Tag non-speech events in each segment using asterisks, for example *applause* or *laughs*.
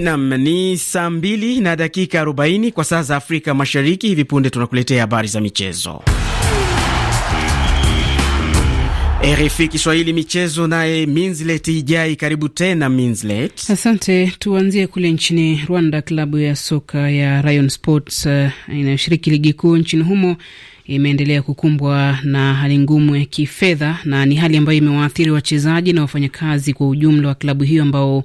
Nam ni saa mbili na dakika 40 kwa saa za Afrika Mashariki. Hivi punde tunakuletea habari za michezo. RFI Kiswahili michezo, naye Minslet Ijai. Karibu tena Minslet. Asante. Tuanzie kule nchini Rwanda, klabu ya soka ya Rayon Sports uh, inayoshiriki ligi kuu nchini humo imeendelea kukumbwa na hali ngumu ya kifedha, na ni hali ambayo imewaathiri wachezaji na wafanyakazi kwa ujumla wa klabu hiyo ambao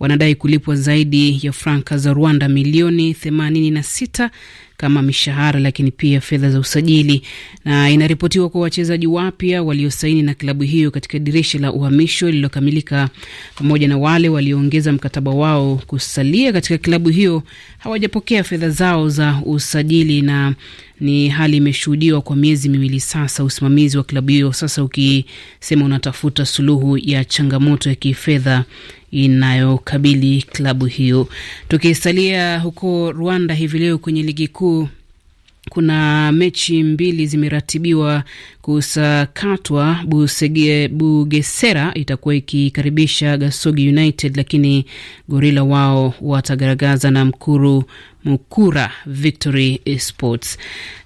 wanadai kulipwa zaidi ya franka za Rwanda milioni 86 kama mishahara, lakini pia fedha za usajili. Na inaripotiwa kuwa wachezaji wapya waliosaini na klabu hiyo katika dirisha la uhamisho lililokamilika, pamoja na wale walioongeza mkataba wao kusalia katika klabu hiyo hawajapokea fedha zao za usajili na ni hali imeshuhudiwa kwa miezi miwili sasa, usimamizi wa klabu hiyo sasa ukisema unatafuta suluhu ya changamoto ya kifedha inayokabili klabu hiyo. Tukisalia huko Rwanda hivi leo kwenye ligi kuu kuna mechi mbili zimeratibiwa kusakatwa. Busege, Bugesera itakuwa ikikaribisha Gasogi United, lakini gorila wao watagaragaza na Mkuru Mukura Victory Sports.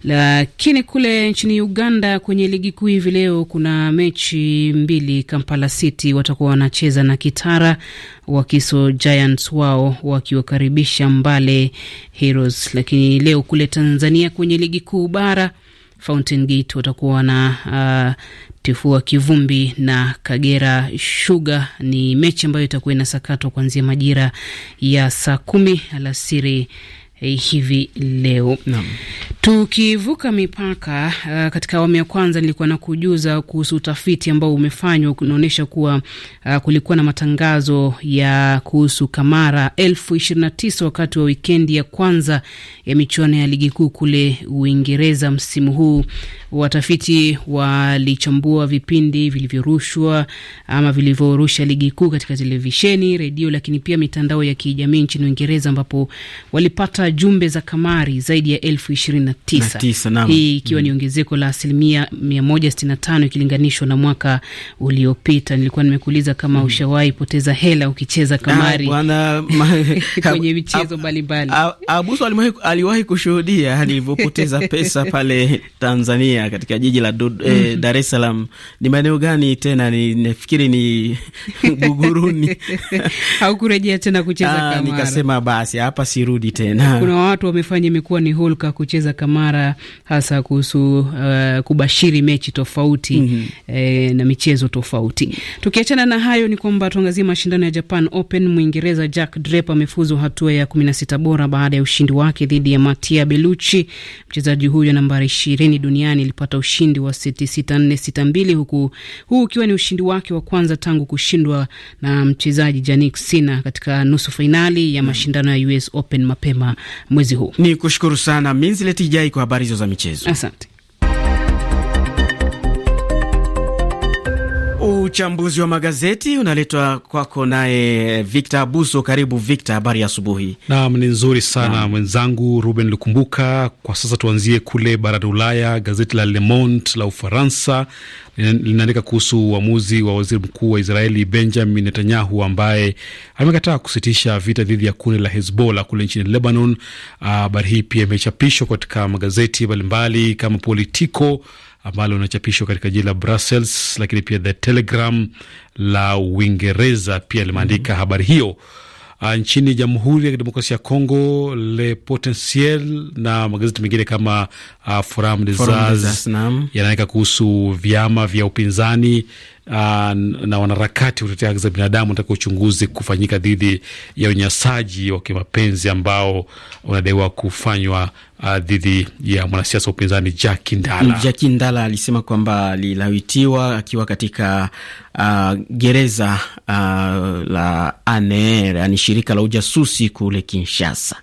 Lakini kule nchini Uganda kwenye ligi kuu hivi leo kuna mechi mbili. Kampala City watakuwa wanacheza na Kitara, Wakiso Giants wao wakiwakaribisha Mbale Heroes. Lakini leo kule Tanzania kwenye ligi kuu bara Fountain Gate watakuwa na uh, tifua kivumbi na Kagera Sugar. Ni mechi ambayo itakuwa inasakatwa kuanzia majira ya saa kumi alasiri Eh, hivi leo no. Tukivuka mipaka uh, katika awamu ya kwanza nilikuwa na kujuza kuhusu utafiti ambao umefanywa unaonyesha kuwa uh, kulikuwa na matangazo ya kuhusu kamara elfu ishirini na tisa wakati wa wikendi ya kwanza ya michuano ya ligi kuu kule Uingereza msimu huu. Watafiti walichambua vipindi vilivyorushwa ama vilivyorusha ligi kuu katika televisheni, redio, lakini pia mitandao ya kijamii nchini Uingereza ambapo walipata jumbe za kamari zaidi ya elfu ishirini na tisa hii ikiwa ni ongezeko la asilimia mia moja sitini na tano ikilinganishwa na mwaka uliopita. Nilikuwa nimekuuliza kama mm, ushawahi poteza hela ukicheza ah, kamari na, *laughs* kwenye michezo mbalimbali. Abuso aliwahi kushuhudia alivyopoteza *laughs* pesa pale Tanzania katika jiji la mm -hmm. eh, mm-hmm. Salaam. Ni maeneo gani tena? Nafikiri ni *laughs* Buguruni. Haukurejea tena kucheza ah, kamari? Nikasema basi hapa sirudi tena. Eh. kuna watu wamefanya imekuwa ni hulka kucheza kamara, hasa kuhusu uh, kubashiri mechi tofauti mm -hmm. eh, na michezo tofauti. Tukiachana na hayo, ni kwamba tuangazie mashindano ya Japan Open. Mwingereza Jack Draper amefuzu hatua ya kumi na sita bora baada ya ushindi wake dhidi ya Mattia Bellucci. Mchezaji huyo nambari ishirini duniani alipata ushindi wa seti sita sita nne mbili huku huu ukiwa ni ushindi wake wa kwanza tangu kushindwa na mchezaji Jannik Sinner katika nusu fainali ya hmm. mashindano ya US Open mapema mwezi huu. Ni kushukuru sana Minzileti Jai kwa habari hizo za michezo, asante. Uchambuzi wa magazeti unaletwa kwako naye eh, Victor Abuso. Karibu Victor, habari ya asubuhi. Naam, ni nzuri sana na mwenzangu Ruben Lukumbuka. Kwa sasa tuanzie kule barani Ulaya. Gazeti la Le Monde la Ufaransa linaandika kuhusu uamuzi wa waziri mkuu wa Israeli Benjamin Netanyahu ambaye amekataa kusitisha vita dhidi ya kundi la Hezbollah kule nchini Lebanon. Ah, habari hii pia imechapishwa katika magazeti mbalimbali kama Politico ambalo linachapishwa katika jiji la Brussels, lakini pia The Telegram la Uingereza pia limeandika mm -hmm. habari hiyo. Ah, nchini Jamhuri ya Kidemokrasia ya Kongo, Le Potentiel na magazeti mengine kama uh, Forum des As yanaandika kuhusu vyama vya upinzani aa, ah, na wanaharakati wa kutetea haki za binadamu wanataka uchunguzi kufanyika dhidi ya unyanyasaji wa kimapenzi ambao unadaiwa kufanywa Uh, dhidi ya mwanasiasa wa upinzani Jaki Ndala. Mm, Jaki Ndala alisema kwamba alilawitiwa akiwa katika uh, gereza uh, la ANR, yani shirika la ujasusi kule Kinshasa.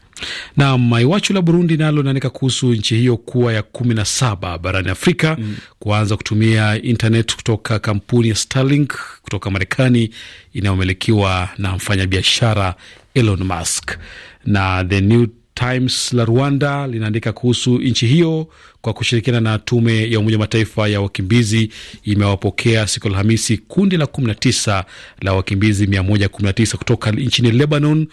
Naam, Iwachu la Burundi nalo linaandika kuhusu nchi hiyo kuwa ya kumi na saba barani Afrika mm, kuanza kutumia internet kutoka kampuni ya Starlink kutoka Marekani inayomilikiwa na mfanyabiashara Elon Musk. Na The New Times la Rwanda linaandika kuhusu nchi hiyo kwa kushirikiana na tume ya Umoja Mataifa ya wakimbizi imewapokea siku Alhamisi kundi la 19 la wakimbizi 119 kutoka nchini Lebanon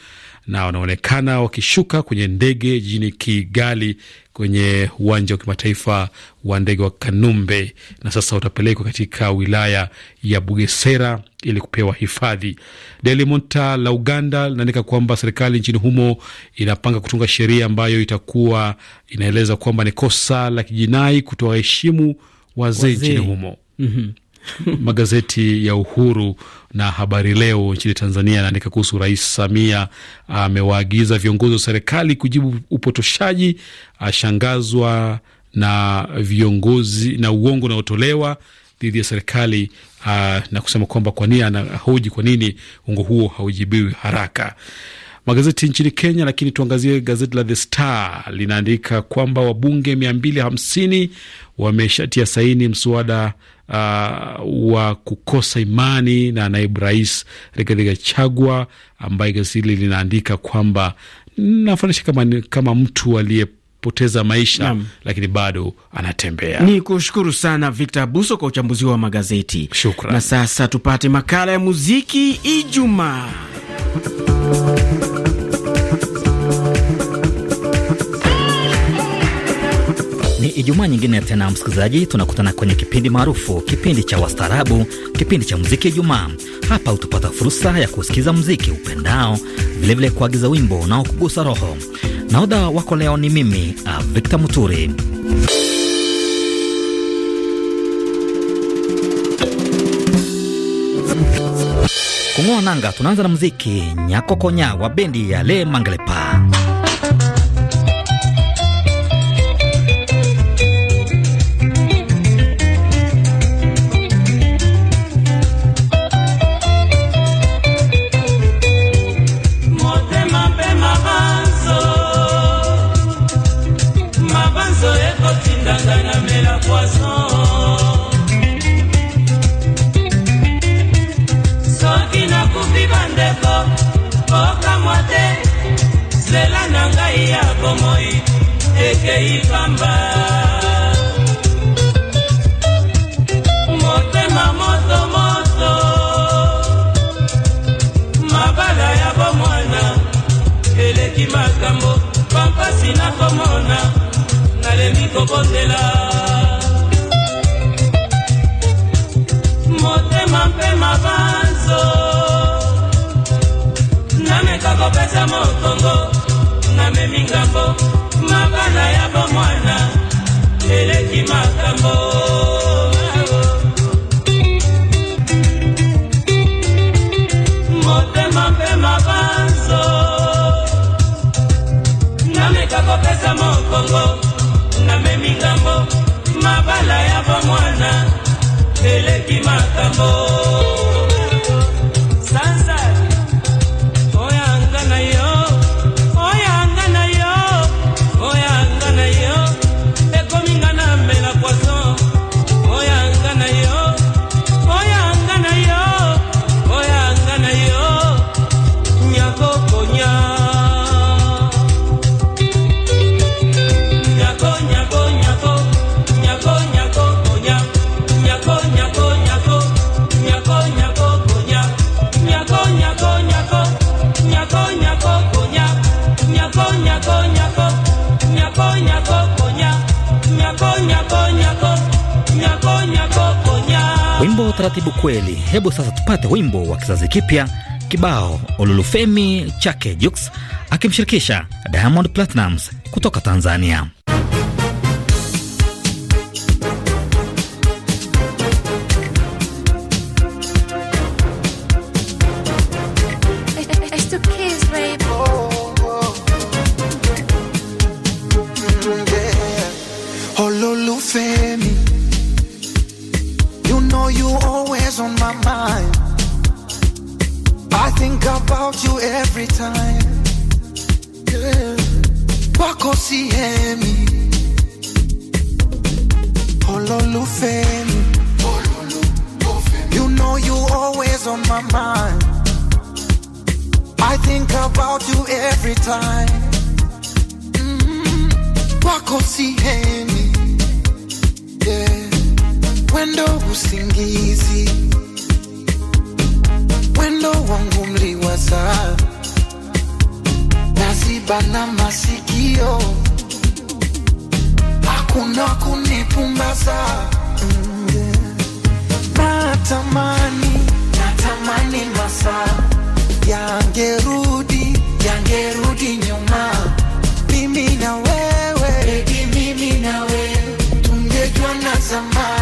na wanaonekana wakishuka kwenye ndege jijini Kigali kwenye uwanja wa kimataifa wa ndege wa Kanumbe, na sasa utapelekwa katika wilaya ya Bugesera ili kupewa hifadhi. Daily Monitor la Uganda linaandika kwamba serikali nchini humo inapanga kutunga sheria ambayo itakuwa inaeleza kwamba ni kosa la kijinai kutoa kutowaheshimu wazee nchini humo. mm -hmm. *laughs* Magazeti ya Uhuru na Habari Leo nchini Tanzania anaandika kuhusu Rais Samia ah, amewaagiza viongozi wa serikali kujibu upotoshaji, ashangazwa ah, na viongozi na uongo unaotolewa dhidi ya serikali ah, na kusema kwamba kwa nini anahoji kwa nini uongo huo haujibiwi haraka magazeti nchini Kenya, lakini tuangazie gazeti la The Star linaandika kwamba wabunge 250 wameshatia saini mswada uh, wa kukosa imani na naibu rais Rigathi Gachagua, ambaye gazeti hili linaandika kwamba nafanisha kama, kama mtu aliye poteza maisha Nam. lakini bado anatembea. Ni kushukuru sana Victor Buso kwa uchambuzi wa magazeti. Shukran. Na sasa tupate makala ya muziki Ijumaa. Ijumaa nyingine tena, msikilizaji, tunakutana kwenye kipindi maarufu, kipindi cha wastaarabu, kipindi cha muziki Ijumaa. Hapa utapata fursa ya kusikiza muziki upendao, vilevile kuagiza wimbo unaokugusa roho. naodha wako leo ni mimi uh, Victor Muturi. Kung'oa nanga, tunaanza na muziki nyakokonya wa bendi ya Le Mangelepa. ya bomwana eleki makambo pampasi nakomona nalemi kobondela motema mpe mabanzo nameka kopesa mokongo namemi ngambo mabala ya bomwana eleki makambo natika mokongo namemi ngambo mabala ya bomwana eleki makambo taratibu kweli. Hebu sasa tupate wimbo wa kizazi kipya kibao Olulufemi chake Jux akimshirikisha Diamond Platnumz kutoka Tanzania. you always on my mind. I think about you every time. Yeah. Wako sihemi, ololufemi. You know you always on my mind. I think about you every time. Mm-hmm. Wako sihemi. wendo usingizi wendo wangu mliwaza nazibana masikio hakuna kunipumbaza natamani natamani masaa yangerudi yangerudi nyuma mimi na wewe Baby, mimi na wewe zamani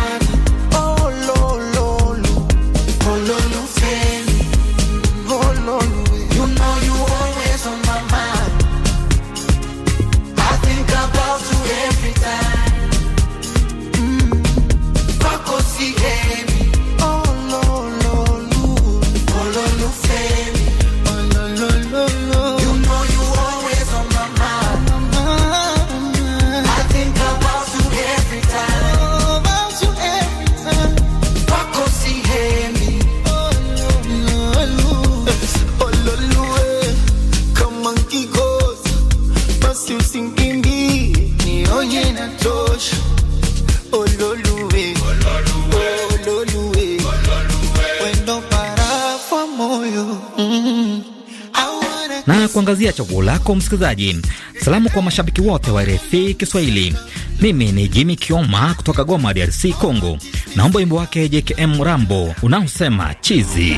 na kuangazia chaguo lako msikilizaji. Salamu kwa mashabiki wote wa RFI Kiswahili. Mimi ni Jimmy Kioma kutoka Goma, DRC Congo. Naomba wimbo wake JKM Rambo unaosema chizi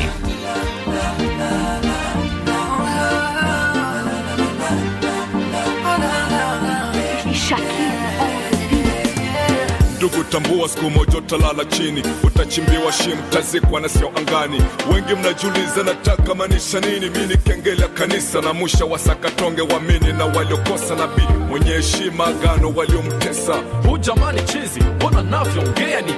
Ndugu tambua, siku moja utalala chini, utachimbiwa shimu tazikwa na sio angani. Wengi mnajuliza nataka maanisha nini? Mi ni kengele kanisa na musha wa wamini na waliokosa, nabii mwenye heshima, agano waliomtesa. Hu jamani, chizi, mbona navyoongea ni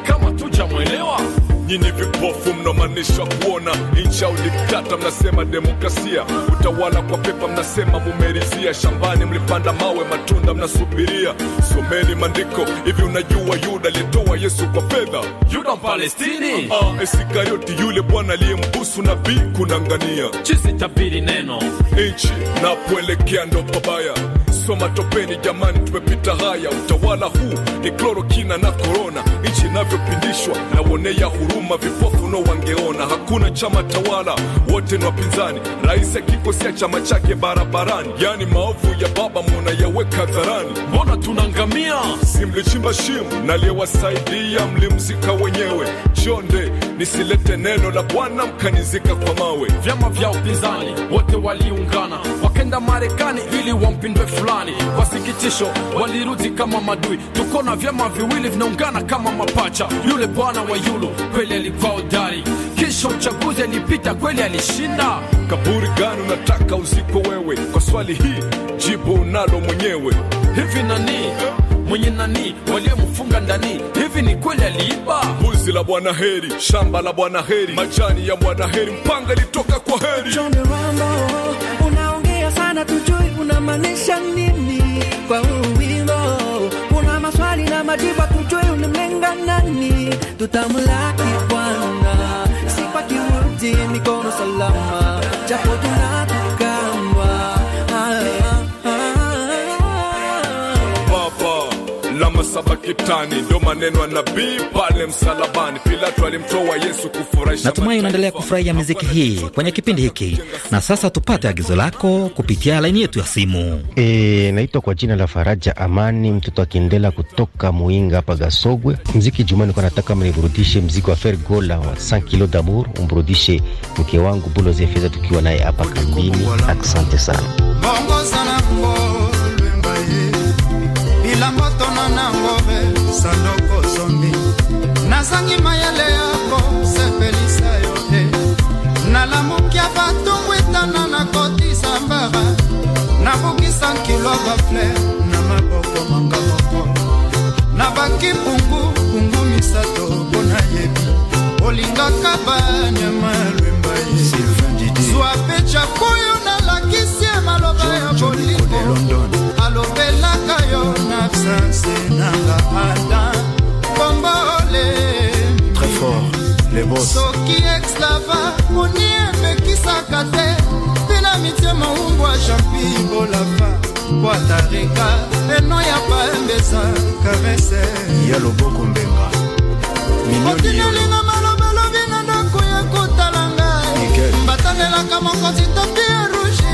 nyinyi vipofu mnaomaanisha kuona, incha ulikata, mnasema demokrasia, utawala kwa pepa, mnasema mumerizia, shambani mlipanda mawe, matunda mnasubiria. Someni maandiko, hivi unajua Yuda aliyetoa Yesu kwa fedha? Yuda Mpalestini, ah, Isikarioti yule bwana aliyembusu nabii kunang'ania, chisi tabiri neno, nchi napoelekea ndo pabaya tumesoma matopeni jamani, tumepita haya. Utawala huu ni klorokina na korona, nchi inavyopindishwa na wonea huruma vipofu no wangeona. Hakuna chama tawala, wote ni wapinzani. Rais akikosea chama chake barabarani, yani maovu ya baba yaweka dharani Mbona tunangamia? Simlichimba shimo, naliyewasaidia mlimzika wenyewe. Chonde nisilete neno la Bwana mkanizika kwa mawe. Vyama vya upinzani wote waliungana, wakenda Marekani ili wampindwe fulani. Kwa sikitisho, walirudi kama madui. Tuko na vyama viwili vinaungana kama mapacha. Yule bwana wa Yulu kweli alikuwa hodari, kisha uchaguzi alipita kweli, alishinda. Kaburi gani unataka uziko wewe? Kwa swali hii jibu unalo mwenyewe. Hivi nani mwenye nani waliyemfunga ndani? Hivi ni kweli aliiba? Zizi la bwana heri, shamba la bwana heri, majani ya bwana heri, mpanga litoka kwa heri. John Rambo, unaongea sana, tujui unamaanisha nini kwa huu wimbo? Una maswali na majibu, tujui unamlenga nani? Tutamlaki Bwana si kwa kiuti, mikono salama, japo tunata Natumai unaendelea kufurahia miziki hii kwenye kipindi hiki, na sasa tupate agizo lako kupitia laini yetu ya simu. E, naitwa kwa jina la Faraja Amani mtoto akiendela kutoka Muinga hapa Gasogwe. Mziki jumani, nilikuwa nataka mniburudishe mziki wa Fergola wa 5 kilo d'amour, umburudishe mke wangu Buloze Fedha tukiwa naye hapa kambini. Asante sana sanduku zombi nazangi mayele yako sepelisa yo te nalamukia batungwitana na kotisa mbara nabukisa nkilo bafler na maboko manga moko nabaki pungu pungu misato mpo nayebi olingaka banyama lwemba ye zwa pecha kuyo nalakisi ye maloba ya bolingo alobelaka yo na absence nanga ada soki exlava moni emekisaka te mpe na mitema umbwa jampi bolava bwatarika eno ya baembeza karese ya loboko mbenga otinolinga malobalobi na ndako ya kotala ngai mbatandelaka mokonzi topi ya rouge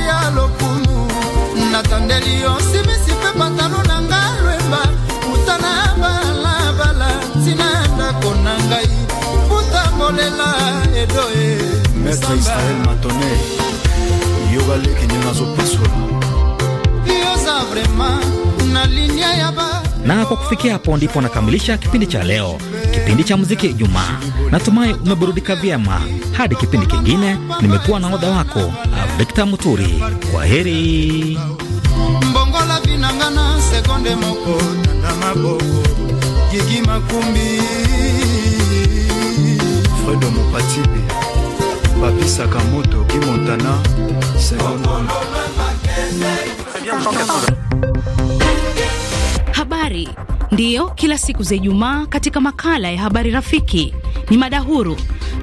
kukubaliki ninazopaswa na kwa kufikia hapo ndipo nakamilisha kipindi cha leo, kipindi cha muziki Ijumaa. Natumai umeburudika vyema. Hadi kipindi kingine, nimekuwa na odha wako Victor Muturi. Kwa heri. mbongola sekonde moko fredo bapisaka habari ndiyo kila siku za Ijumaa katika makala ya habari rafiki ni mada huru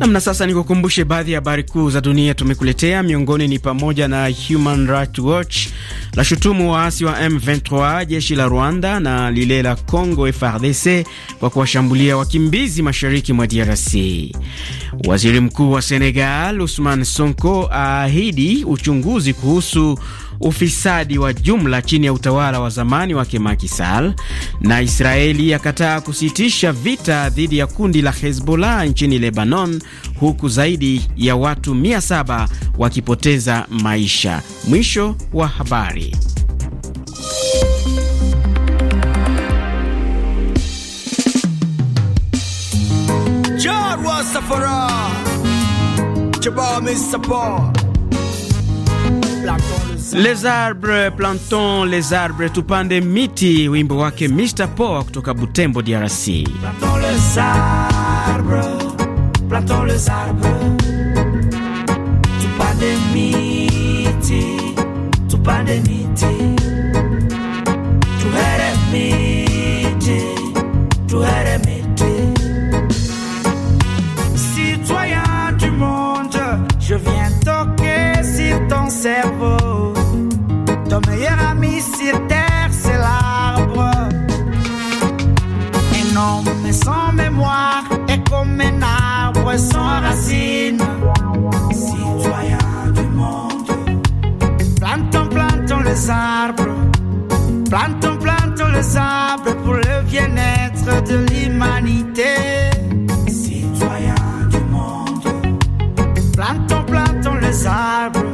Namna sasa, nikukumbushe baadhi ya habari kuu za dunia tumekuletea. Miongoni ni pamoja na Human Rights Watch la shutumu waasi wa M23, jeshi la Rwanda na lile la Congo frdc kwa kuwashambulia wakimbizi mashariki mwa DRC. Waziri Mkuu wa Senegal Usman Sonko aahidi uchunguzi kuhusu ufisadi wa jumla chini ya utawala wa zamani wa Macky Sall, na Israeli yakataa kusitisha vita dhidi ya kundi la Hezbollah nchini Lebanon, huku zaidi ya watu 700 wakipoteza maisha. Mwisho wa habari. Jarwa Les Arbres plantons, Les Arbres Tupande Miti, wimbo wake Mr. Poa kutoka Butembo, DRC. Plantons les arbres, plantons les arbres, tupande miti, tupande miti, tuhere miti. arbres,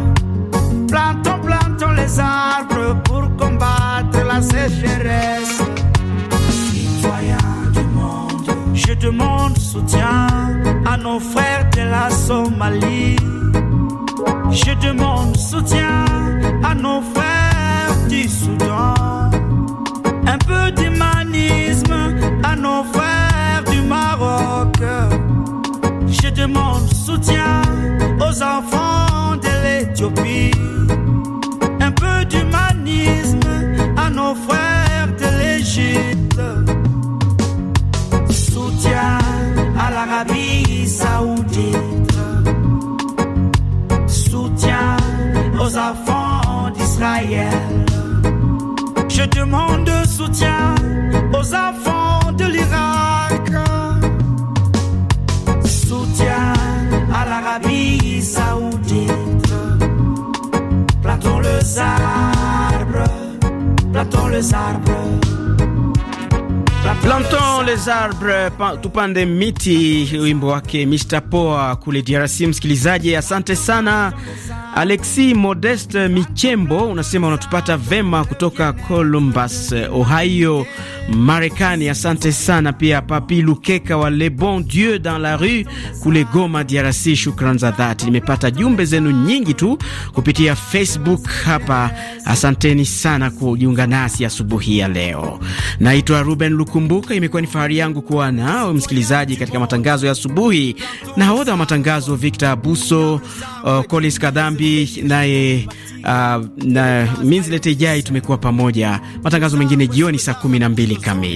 plantons, plantons les arbres pour combattre la sécheresse. du monde, je demande soutien à nos frères de la Somalie. Je demande soutien à nos frères du Soudan. Un peu d'humanisme à nos frères du Maroc. Je demande soutien aux enfants demande soutien aux enfants de l'Irak. Soutien à l'Arabie saoudite. Platons le arbre, platons le arbre. Plantons les arbres tupande miti, wimbo wake Mr Poa kule DRC. Msikilizaji, asante sana Alexi Modeste Michembo, unasema unatupata vema kutoka Columbus, Ohio, Marekani. Asante sana pia Papi Lukeka wa Le Bon Dieu dans la rue kule Goma, DRC. Shukran za dhati, nimepata jumbe zenu nyingi tu kupitia Facebook hapa. Asanteni sana kujiunga nasi asubuhi ya leo. Naitwa Ruben Lukumbu Kumbuka, imekuwa ni fahari yangu kuwa nawe msikilizaji katika matangazo ya asubuhi. Nahodha wa matangazo Victor Abuso, uh, Kolis Kadhambi naye uh, na Minzilete Ijai, tumekuwa pamoja. Matangazo mengine jioni saa 12 kamili.